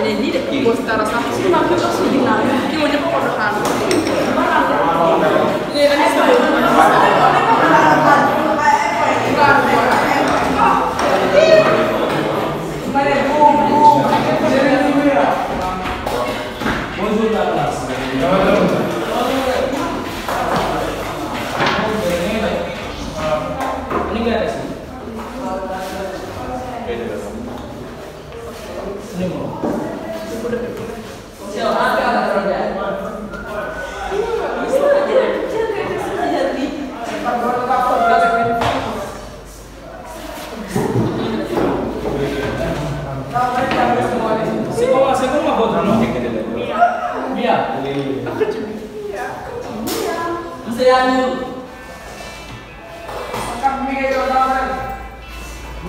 Quindi dire che questa era stata una cosa ordinaria, che voglio proprio farlo. Buongiorno alla classe.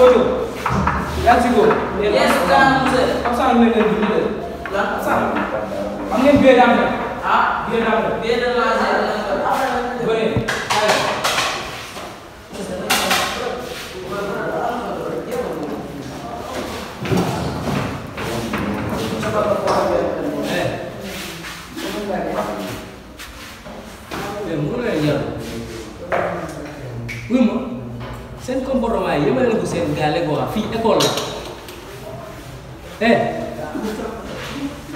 Ojo, yaa ngi si góor. Yes, comme ça ñu ngi leen di comme ça am ngeen biir daa am ah biir daa am comportement yi ma leen bu seen gaale goo xam école la eh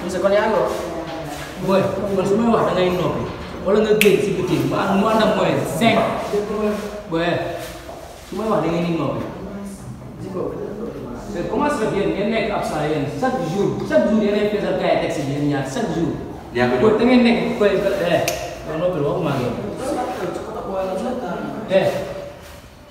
monsieur kon yaa ngi wax boy man su may wax da ngay noppi wala nga génn si biti mu am mu ànd ak mooy cinq boy su may wax da ngay ni noppi eh, mais comment ça fait ngeen nekk absent yéen chaque jour chaque jour yéen ay pesal gars yi texte bi yéen chaque jour. yaa a da eh non ya, noppi waxuma eh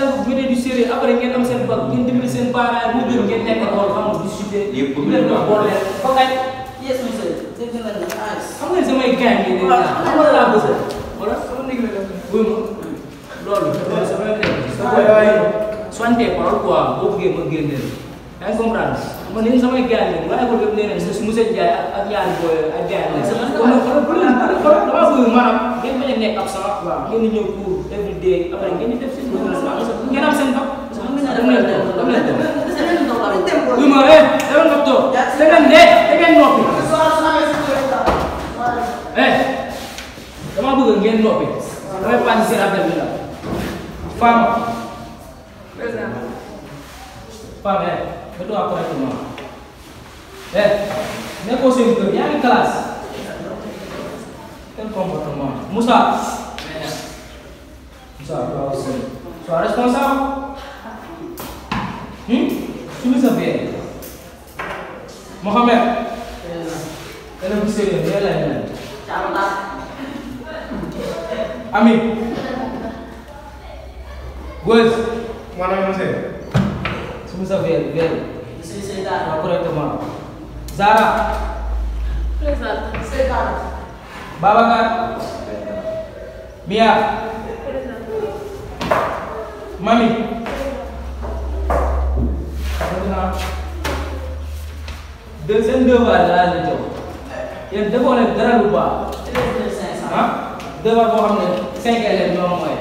jàng bu di séré après ngeen am seen bal ngeen dimbali seen parent ñu gën ngeen nekk ak wol xam di suté yépp ñu leen wax bool leen ba ngay yes mu c'est que la xam ngeen samay gaay yi ne xam nga la bëss wala sama ndig la wuy ma loolu loolu sama ndig sama gaay soñté parole quoi bo bëggé ma génné ay comprendre man ni samay gaay yi waaye ko bëgg né né mu jaay ak ak boy ak gaay yi sama ko ko ko ko ko ko ko absent. waaw ngeen di ñëw pour everyday après ngeen di def seen. ngeen am seen bopp. da ngeen doon da ngeen doon. da ngeen doon da ngeen doon. oui ma eh da ngeen doon toog. da ngeen dee da ngeen noppi. eh dama bëgg ngeen noppi. damay pàcc seen affaire bi la. Fama. président. Fama eh. ne eh, nekkoo seen kër yaa ngi classe. quel comportement Moussa Moussa toi aussi sois responsable hum suñu sa biir Mohamed. élève bu sérieux yéen lay mel. Ami. Boise. maanaam monsieur. sa biir biir. monsieur Seydar. waaw Zara. ka? Mia. Mami. Deux cent deux balles laa la jox yéen defoo leen dara lu baax. ah deux balles boo xam ne cinq élèves ñoo mooy.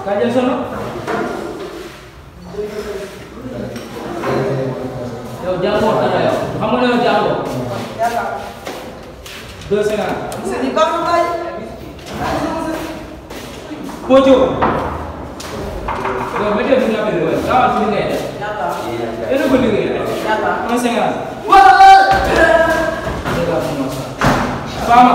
Kajian sono. Yo jamur ada ya? Kamu ada jamur. Dua setengah. Bisa dibangun lagi. Pojok. Kalau beda sudah berdua, tahu sini ya. Itu berdua ya. Dua setengah. Wah. Sama.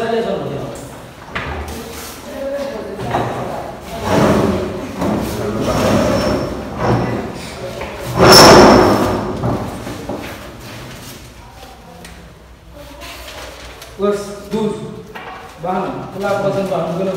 살려서는요. Let's do. Bang, kenapa tentang belum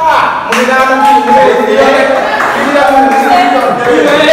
아, 우리가 하는 일에 대해 우리가 하는 일에 대해